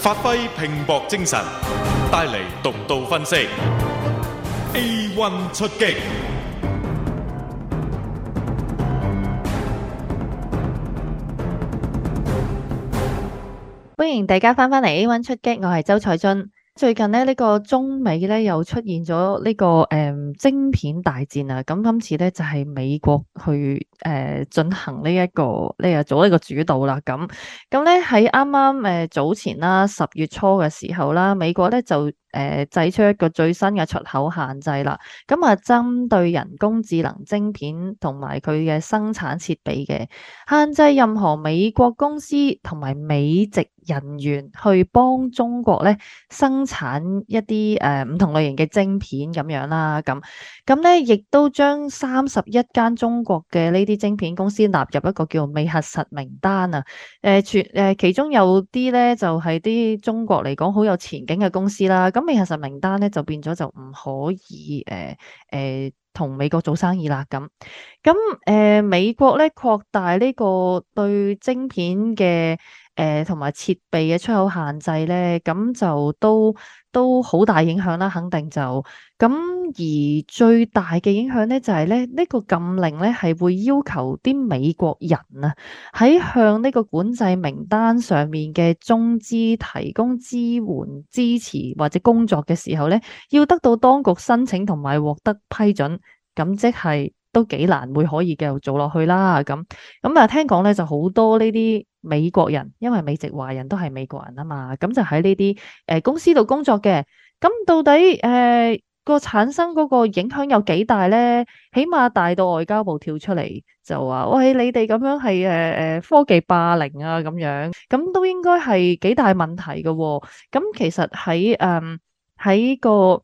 發揮拼搏精神，帶嚟獨到分析。A one 出擊，歡迎大家翻返嚟 A one 出擊，我係周彩俊。最近呢個中美咧又出現咗呢個誒晶片大戰啊！咁今次咧就係美國去誒進行呢、呢、一個呢啊、呢個、做一個主導啦，咁咁咧喺啱啱誒早前啦，十月初嘅時候啦，美國咧就誒、呃，製出一個最新嘅出口限制啦。咁啊，針對人工智能晶片同埋佢嘅生產設備嘅限制，任何美國公司同埋美籍人員去幫中國咧生產一啲誒唔同類型嘅晶片咁樣啦。咁咁咧，亦都將三十一間中國嘅呢啲晶片公司納入一個叫做未核實名單啊。誒、呃，全誒、呃，其中有啲咧就係、是、啲中國嚟講好有前景嘅公司啦。咁未核實名單咧，就變咗就唔可以誒誒同美國做生意啦。咁咁誒，美國咧擴大呢個對晶片嘅誒同埋設備嘅出口限制咧，咁就都都好大影響啦。肯定就咁。而最大嘅影響咧，就係，就係咧呢個禁令咧，係會要求啲美國人啊，喺向呢個管制名單上面嘅中資提供支援、支持或者工作嘅時候咧，要得到當局申請同埋獲得批准，咁即係都幾難，會可以繼續做落去啦。咁咁啊，聽講咧就好多呢啲美國人，因為美籍華人都係美國人啊嘛，咁就喺呢啲誒公司度工作嘅，咁到底誒？呃個產生嗰個影響有幾大呢？起碼大到外交部跳出嚟就話：喂，你哋咁樣係誒誒科技霸凌啊咁樣，咁都應該係幾大問題噶喎。咁其實喺誒喺個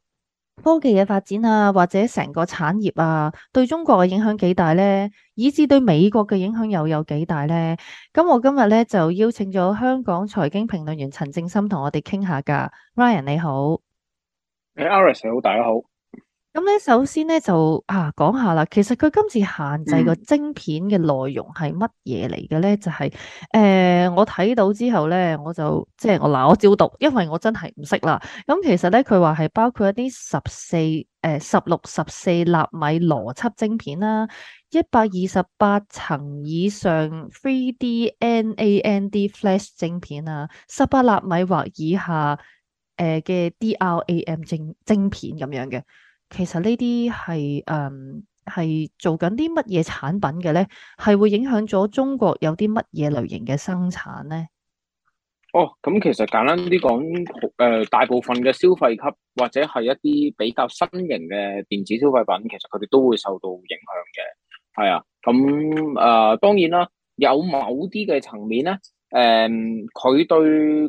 科技嘅發展啊，或者成個產業啊，對中國嘅影響幾大呢？以至對美國嘅影響又有幾大呢？咁我今日咧就邀請咗香港財經評論員陳正深同我哋傾下噶。Ryan，你好。Alex 你好，大家好。咁咧，首先咧就啊，講下啦。其實佢今次限制個晶片嘅內容係乜嘢嚟嘅咧？就係、是、誒、呃，我睇到之後咧，我就即係我嗱，我照讀，因為我真係唔識啦。咁其實咧，佢話係包括一啲十四誒，十六十四納米邏輯晶片啦，一百二十八層以上 three D NAND flash 晶片啊，十八納米或以下。誒嘅 DRAM 晶晶片，咁樣嘅，其實呢啲係誒係做緊啲乜嘢產品嘅咧？係會影響咗中國有啲乜嘢類型嘅生產咧？哦，咁其實簡單啲講，誒、呃、大部分嘅消費級或者係一啲比較新型嘅電子消費品，其實佢哋都會受到影響嘅。係啊，咁誒、呃、當然啦，有某啲嘅層面咧。誒、嗯，佢對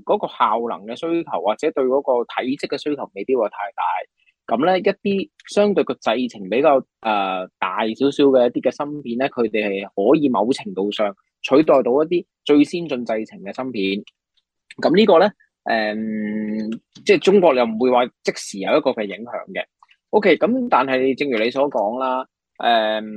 嗰個效能嘅需求，或者對嗰個體積嘅需求未必會太大，咁咧，一啲相對個製程比較誒、呃、大少少嘅一啲嘅芯片咧，佢哋係可以某程度上取代到一啲最先進製程嘅芯片，咁呢個咧，誒、嗯，即、就、係、是、中國又唔會話即時有一個嘅影響嘅。OK，咁但係正如你所講啦，誒、嗯，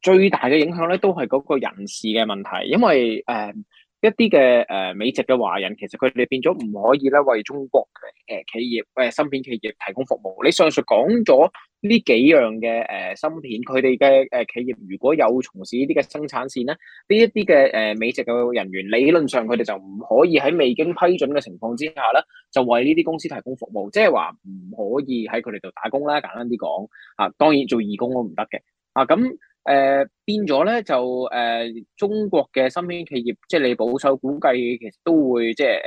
最大嘅影響咧都係嗰個人事嘅問題，因為誒。嗯一啲嘅誒美籍嘅華人，其實佢哋變咗唔可以咧為中國嘅誒企業，誒芯片企業提供服務。你上述講咗呢幾樣嘅誒芯片，佢哋嘅誒企業如果有從事呢啲嘅生產線咧，呢一啲嘅誒美籍嘅人員，理論上佢哋就唔可以喺未經批准嘅情況之下咧，就為呢啲公司提供服務，即係話唔可以喺佢哋度打工啦。簡單啲講，啊當然做義工都唔得嘅，啊咁。誒、呃，變咗咧就誒、呃，中國嘅芯片企業，即係你保守估計，其實都會即係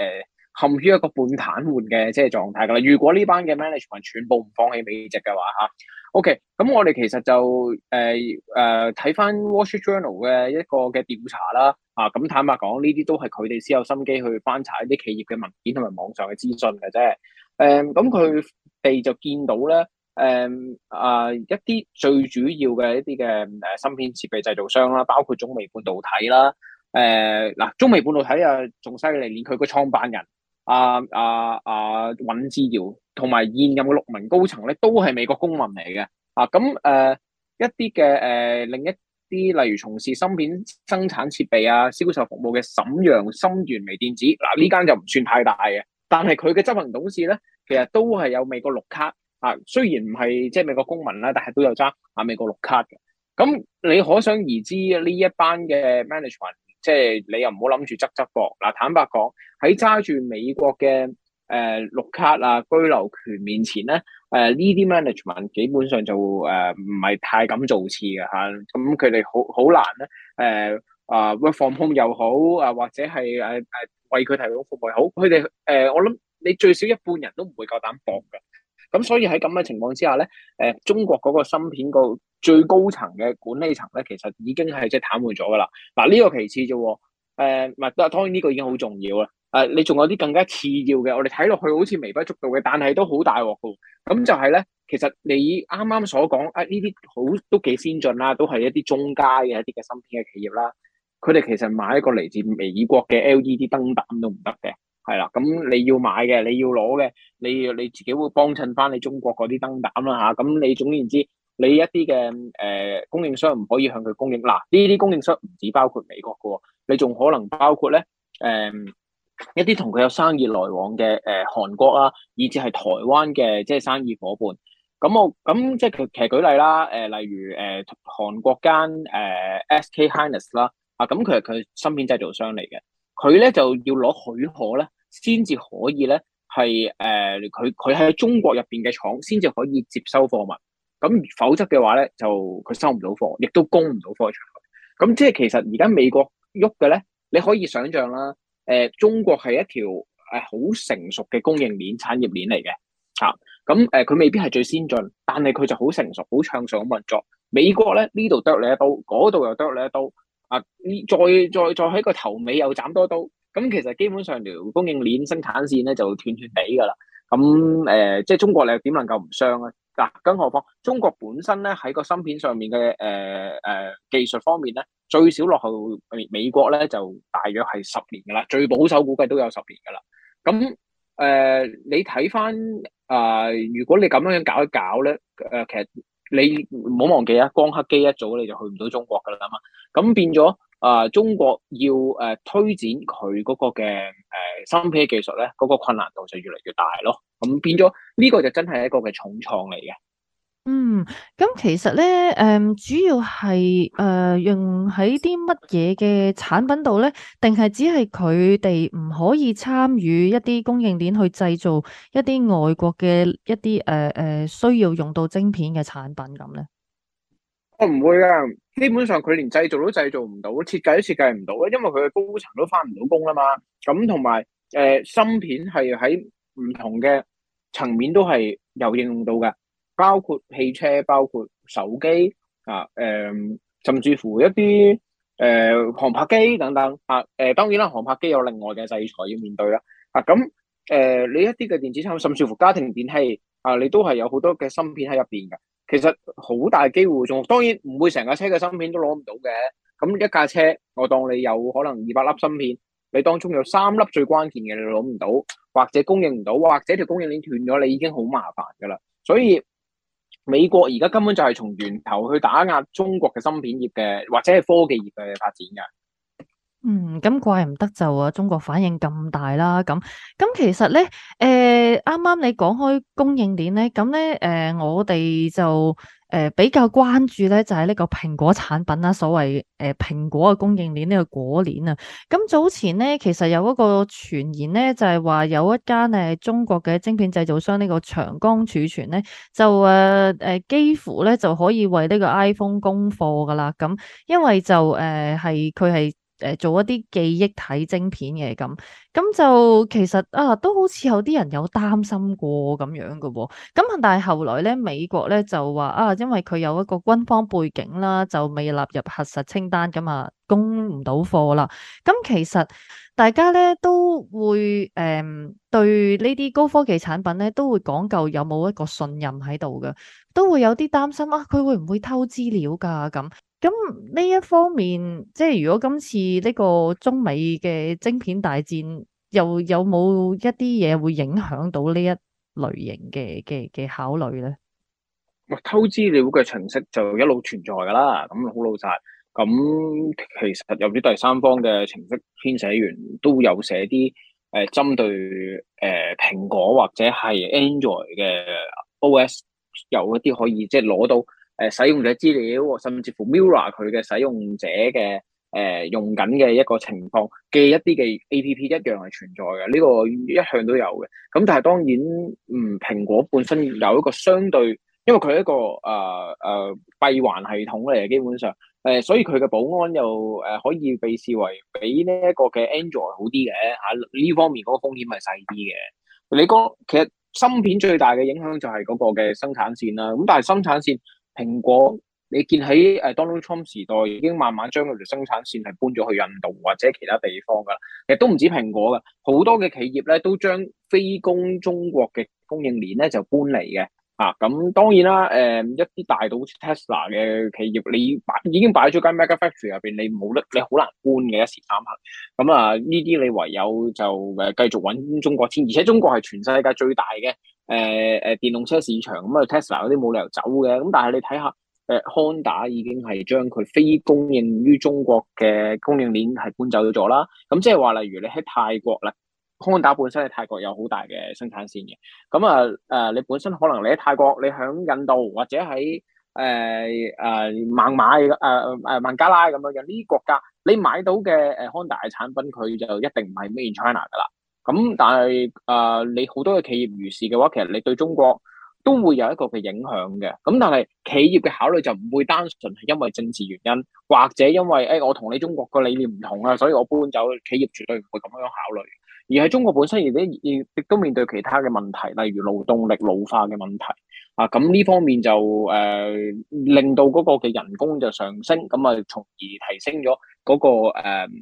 誒，陷於一個半癱瘓嘅即係狀態噶啦。如果呢班嘅 management 全部唔放棄美籍嘅話，吓、啊、，OK，咁我哋其實就誒誒，睇、呃、翻《呃、w a h e r Journal》嘅一個嘅調查啦，啊，咁坦白講，呢啲都係佢哋先有心機去翻查一啲企業嘅文件同埋網上嘅資訊嘅啫。誒、啊，咁佢哋就見到咧。誒、嗯呃，一啲最主要嘅一啲嘅誒，芯片設備製造商啦，包括中微半導體啦，誒，嗱，中微半導體啊，仲犀利，連佢嘅創辦人阿阿阿尹志堯，同埋現任嘅六名高層咧，都係美國公民嚟嘅，啊，咁、呃、誒，一啲嘅誒，另一啲，例如從事芯片生產設備啊，銷售服務嘅沈陽芯源微電子，嗱、呃，呢間就唔算太大嘅，但係佢嘅執行董事咧，其實都係有美國綠卡。啊，雖然唔係即係美國公民啦，但係都有揸啊美國綠卡嘅。咁你可想而知，呢一班嘅 management，即係你又唔好諗住執執搏。嗱，坦白講，喺揸住美國嘅誒、呃、綠卡啊居留權面前咧，誒呢啲 management 基本上就誒唔係太敢造次嘅吓。咁佢哋好好難咧，誒啊 work from home 又好，啊或者係誒誒為佢提供服務好，佢哋誒我諗你最少一半人都唔會夠膽搏噶。咁所以喺咁嘅情況之下咧，誒、呃、中國嗰個芯片個最高層嘅管理層咧，其實已經係即係癱瘓咗噶啦。嗱、啊、呢、呢個其次啫喎，唔、呃、係當然呢個已經好重要啦。誒、啊、你仲有啲更加次要嘅，我哋睇落去好似微不足道嘅，但係都好大鑊噶。咁就係咧，其實你啱啱所講啊，呢啲好都幾先進啦，都係一啲中階嘅一啲嘅芯片嘅企業啦。佢哋其實買一個嚟自美國嘅 LED 燈膽都唔得嘅。係啦，咁你要買嘅，你要攞嘅，你要你自己會幫襯返你中國嗰啲燈膽啦嚇。咁、啊、你總言之，你一啲嘅誒供應商唔可以向佢供應嗱，呢、啊、啲供應商唔止包括美國嘅喎，你仲可能包括咧誒、呃、一啲同佢有生意來往嘅誒、呃、韓國啊，以至係台灣嘅即係生意夥伴。咁我咁即係其實舉例啦、呃，例如誒、呃、韓國間誒、呃、SK Hynix 啦、啊，啊咁佢係佢芯片製造商嚟嘅，佢咧就要攞許可咧。先至可以咧，係誒佢佢喺中國入面嘅廠，先至可以接收貨物。咁否則嘅話咧，就佢收唔到貨，亦都供唔到貨場。咁即係其實而家美國喐嘅咧，你可以想象啦、呃。中國係一條誒好成熟嘅供應鏈產業鏈嚟嘅嚇。咁、啊、佢、啊啊、未必係最先進，但係佢就好成熟、好暢順咁運作。美國咧呢度剁你一刀，嗰度又剁你一刀。啊，再再再喺個頭尾又斬多一刀。咁其實基本上條供應鏈生產線咧就斷斷地噶啦，咁誒、呃、即係中國你又點能夠唔傷咧？嗱，更何況中國本身咧喺個芯片上面嘅誒誒技術方面咧，最少落後美國咧就大約係十年噶啦，最保守估計都有十年噶啦。咁誒、呃、你睇翻啊，如果你咁樣樣搞一搞咧，誒、呃、其實你唔好忘記啊，光刻機一早你就去唔到中國噶啦嘛，咁變咗。啊、呃！中國要誒、呃、推展佢嗰個嘅誒芯片技術咧，嗰、那個困難度就越嚟越大咯。咁變咗呢個就真係一個嘅重創嚟嘅。嗯，咁其實咧，誒、嗯、主要係誒、呃、用喺啲乜嘢嘅產品度咧，定係只係佢哋唔可以參與一啲供應鏈去製造一啲外國嘅一啲誒誒需要用到晶片嘅產品咁咧？我、哦、唔會噶，基本上佢連製造都製造唔到，設計都設計唔到啦，因為佢嘅高層都翻唔到工啦嘛。咁同埋誒，芯片係喺唔同嘅層面都係有應用到嘅，包括汽車、包括手機啊，誒、呃，甚至乎一啲誒、呃，航拍機等等啊。誒、呃，當然啦，航拍機有另外嘅制裁要面對啦。啊，咁、啊、誒，你一啲嘅電子產，甚至乎家庭電器。啊！你都係有好多嘅芯片喺入邊㗎，其實好大機會仲，當然唔會成架車嘅芯片都攞唔到嘅。咁一架車，我當你有可能二百粒芯片，你當中有三粒最關鍵嘅你攞唔到，或者供應唔到，或者條供應鏈斷咗，你已經好麻煩㗎啦。所以美國而家根本就係從源頭去打壓中國嘅芯片業嘅，或者係科技業嘅發展嘅。嗯，咁怪唔得就中國反應咁大啦，咁咁其實呢，誒啱啱你講開供應鏈呢，咁咧誒我哋就誒、呃、比較關注咧，就係、是、呢個蘋果產品啦，所謂誒、呃、蘋果嘅供應鏈呢個果鏈啊。咁早前咧，其實有一個傳言咧，就係、是、話有一間誒中國嘅晶片製造商呢個長江儲存咧，就誒誒、呃、幾乎咧就可以為呢個 iPhone 供貨噶啦，咁因為就誒係佢係。呃誒，做一啲記憶體晶片嘅。咁，咁就其實啊，都好似有啲人有擔心過咁樣嘅、啊。咁但係後來咧，美國咧就話啊，因為佢有一個軍方背景啦，就未納入核實清單，咁啊，供唔到貨啦。咁其實大家咧都會誒、嗯，對呢啲高科技產品咧都會講究有冇一個信任喺度嘅，都會有啲擔心啊，佢會唔會偷資料噶咁？咁呢一方面，即係如果今次呢個中美嘅晶片大戰，又有冇一啲嘢會影響到呢一類型嘅嘅嘅考慮咧？偷資料嘅程式就一路存在噶啦，咁好老實。咁其實有啲第三方嘅程式編寫員都有寫啲誒針對誒蘋果或者係 Android 嘅 OS，有一啲可以即係攞到。誒，使用者資料甚至乎 mirror 佢嘅使用者嘅誒、呃、用緊嘅一個情況嘅一啲嘅 APP 一樣係存在嘅，呢、這個一向都有嘅。咁但係當然，嗯，蘋果本身有一個相對，因為佢係一個誒誒閉環系統嚟，基本上誒、呃，所以佢嘅保安又誒可以被視為比呢一個嘅 Android 好啲嘅吓，呢方面嗰個風險係細啲嘅。你哥，其實芯片最大嘅影響就係嗰個嘅生產綫啦，咁但係生產綫。但是生產線蘋果，你見喺誒 Donald Trump 時代已經慢慢將佢條生產線係搬咗去印度或者其他地方㗎喇。其實都唔止蘋果嘅，好多嘅企業咧都將非公中國嘅供應鏈咧就搬嚟嘅。啊，咁、嗯、當然啦，誒、嗯、一啲大到 Tesla 嘅企業，你擺已經擺咗間 Mega Factory 入邊，你冇得你好難搬嘅，一時三刻。咁、嗯、啊，呢啲你唯有就誒繼續揾中國先，而且中國係全世界最大嘅。誒、呃、誒，電動車市場咁啊，Tesla 嗰啲冇理由走嘅，咁但係你睇下，誒、呃、Honda 已經係將佢非供應於中國嘅供應鏈係搬走咗咗啦。咁即係話，就是，例如你喺泰國啦、嗯、Honda 本身喺泰國有好大嘅生產線嘅。咁啊誒，你本身可能你喺泰國，你響印度或者喺誒誒孟買誒誒孟加拉咁樣，有呢啲國家，你買到嘅誒、呃、Honda 嘅產品，佢就一定唔係 Made in China 噶啦。咁但係誒、呃、你好多嘅企業如是嘅話，其實你對中國都會有一個嘅影響嘅。咁但係企業嘅考慮就唔會單純係因為政治原因，或者因為誒、欸、我同你中國個理念唔同啊，所以我搬走企業絕對唔會咁樣考慮。而係中國本身亦都亦都面對其他嘅問題，例如勞動力老化嘅問題啊。咁呢方面就誒、呃、令到嗰個嘅人工就上升，咁啊從而提升咗嗰、那個誒、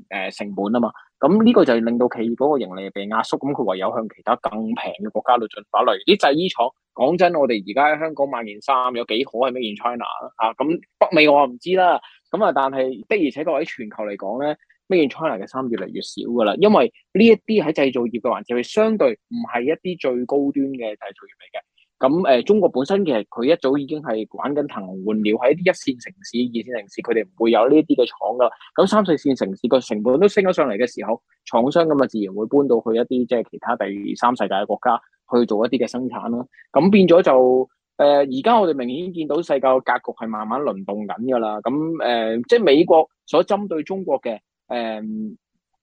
呃、成本啊嘛。咁呢個就令到企業嗰個盈利被壓縮，咁佢唯有向其他更平嘅國家度進發。例如啲製衣廠講真，我哋而家喺香港買件衫，有幾可係 made in China 啊？咁北美我唔知啦。咁啊，但係的而且確喺全球嚟講咧 made in China 嘅衫越嚟越少㗎喇，因為呢一啲喺製造業嘅環節，係相對唔係一啲最高端嘅製造業嚟嘅。咁誒、呃，中國本身其實佢一早已經係玩緊騰籠換鳥，喺一啲一線城市、二線城市，佢哋唔會有呢啲嘅廠啦。咁三四線城市個成本都升咗上嚟嘅時候，廠商咁啊，自然會搬到去一啲即係其他第三世界嘅國家去做一啲嘅生產啦。咁變咗就誒，而、呃、家我哋明顯見到世界嘅格局係慢慢輪動緊㗎啦。咁誒、呃，即係美國所針對中國嘅誒、呃，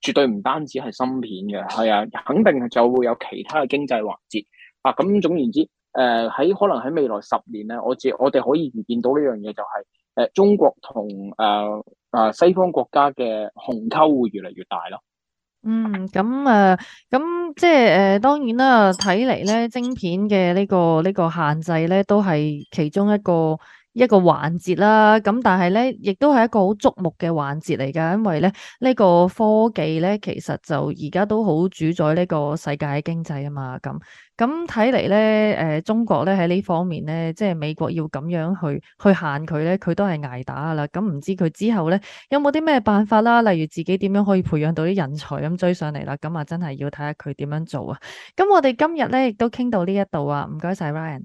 絕對唔單止係芯片嘅，係啊，肯定就會有其他嘅經濟環節啊。咁總言之。誒、呃，喺可能喺未來十年咧，我自我哋可以預見到呢樣嘢就係、是，誒、呃，中國同誒誒西方國家嘅鴻溝會越嚟越大咯。嗯，咁誒，咁、呃、即係誒、呃，當然啦，睇嚟咧，晶片嘅呢、這個呢、這個限制咧，都係其中一個一個環節啦，咁但係咧，亦都係一個好矚目嘅環節嚟噶，因為咧，呢個科技咧，其實就而家都好主宰呢個世界嘅經濟啊嘛，咁咁睇嚟咧，誒、呃，中國咧喺呢方面咧，即係美國要咁樣去去限佢咧，佢都係挨打噶啦，咁唔知佢之後咧有冇啲咩辦法啦，例如自己點樣可以培養到啲人才咁追上嚟啦，咁啊真係要睇下佢點樣做啊，咁我哋今日咧亦都傾到呢一度啊，唔該晒，Ryan。